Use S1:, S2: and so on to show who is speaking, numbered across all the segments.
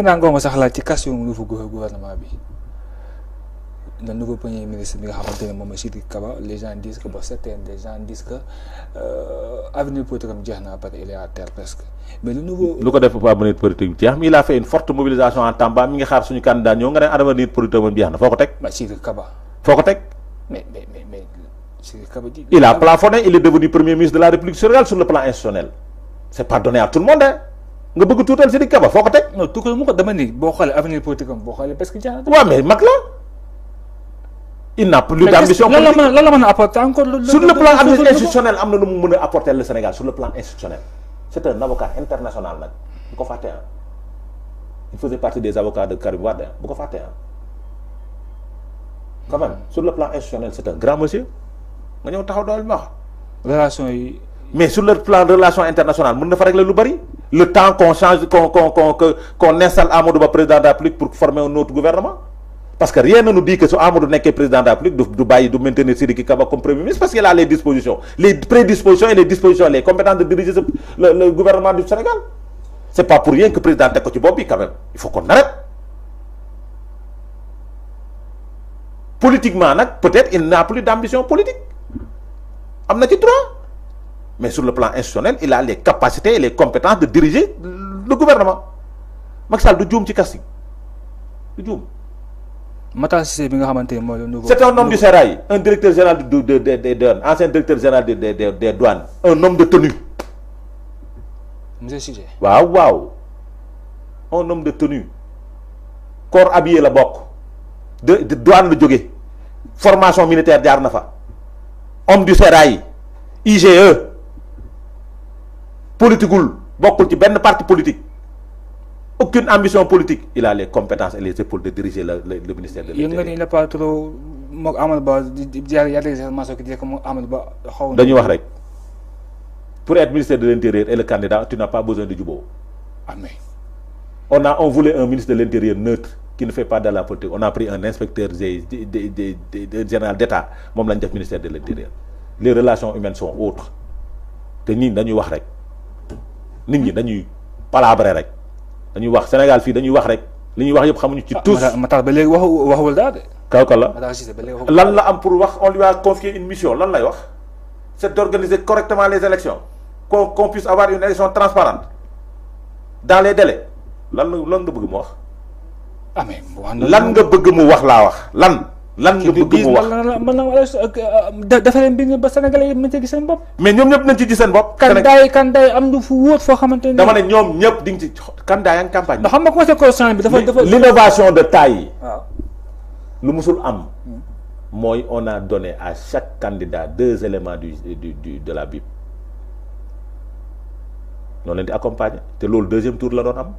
S1: bëgg naa ngooma sax laaj ci question nouveau gouvernement bi le nouveau premier ministre bi nga xamante ne les gens disent que bon certains des gens disent que euh, avenir politique am jeex na il est à terre presque
S2: mais le nouveau. Nous ko def pas avenir politique il a fait une forte mobilisation en Tamba mi nga xaar suñu candidat ñëw nga ne avenir politique am jeex na foo ko Kaba. foo ko
S1: mais mais mais mais Kaba dit. il a
S2: plafonné il est devenu premier ministre de la République sur le plan institutionnel c'est pas à tout le monde hein nga bëgg tuutal Sidiki Kaba foo ko teg. non tuutal mu ko dama ni boo xoolee avenir politique am boo xoolee parce que. waaw mais mag la.
S1: il n'a plus d'ambition politique mais lan la mën a apporter encore. sur le plan institutionnel
S2: am na lu mu mën a apporter le Sénégal sur le plan institutionnel. c'est un avocat international nag bu ko fàtte ah. il faisait partie des avocats de Karim Wade hein. bu ko fàtte ah. quand même sur le plan institutionnel c'est un grand monsieur nga ñëw taxaw dool wax. relation yi. mais sur le plan relation internationale mën na fa régler lu bari le temps qu'on change, qu'on qu installe président de la République pour former un autre gouvernement. Parce que rien ne nous dit que ce Amadou n'est que président de la République, il de maintenir Sidi Kaba comme Premier ministre, parce qu'il a les dispositions, les prédispositions et les dispositions, les compétences de diriger le, gouvernement du Sénégal. C'est pas pour rien que le président est bobby quand même. Il faut qu'on arrête. Politiquement, peut-être il n'a plus d'ambition politique. Il y a trois. Mais sur le plan institutionnel, il a les capacités et les compétences de diriger le gouvernement. Macky Sall du c'est un homme du Serail, un directeur général de de ancien directeur général de des douanes un homme de tenue. monsieur Waouh, waouh. un homme de tenue corps habillé la boc... de de douane le jogué. formation militaire d'Arnafa. homme du sérail IGE. Politique beaucoup ci benn parti politique aucune ambition politique il a les compétences et les épaules de diriger le ministère de l'Intérieur. Il n'a pas trop Il
S1: Ba di Ba
S2: pour être ministère de l'Intérieur et le candidat tu n'as pas besoin de jubóo. Amen. on a on voulait un ministre de l'Intérieur neutre. qui ne fait pas de la politique. On a pris un inspecteur général d'État, même le ministère de l'Intérieur. Les relations humaines sont autres. Nous, nous, nit ñi dañuy palabrer rek dañuy wax Sénégal fi dañuy wax rek li ñuy wax yëpp xamuñu ci tous Matar ba léegi wax waxul daal de kawka la lan la am pour wax on lui a confié une mission lan lay wax c'est d'organiser correctement les élections qu'on puisse avoir une élection transparente dans les délais lan lan nga bëgg mu wax ah, lan nga bëgg mu wax la wax lan lan nga bëgg mu wax
S1: na wala euh, dafa leen bind ba sénégalais yi mën ci gis seen bopp mais ñoom ñëpp nañ ci gis seen bopp kandaay kandaay am ñu fu wóot foo xamante ne dama ne
S2: ñoom ñëpp di nga ci kandaay ak campagne ndax xam nga conseil constitutionnel bi dafa dafa de taille ah. lu musul am hmm. mooy on a donné à chaque candidat deux éléments du du de la Bible noonu leen di accompagne te loolu deuxième tour la doon am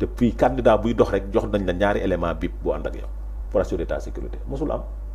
S2: te puis candidat buy dox rek jox nañ la ñaari élément Bible bu ànd ak yow pour assurer ta sécurité mosul am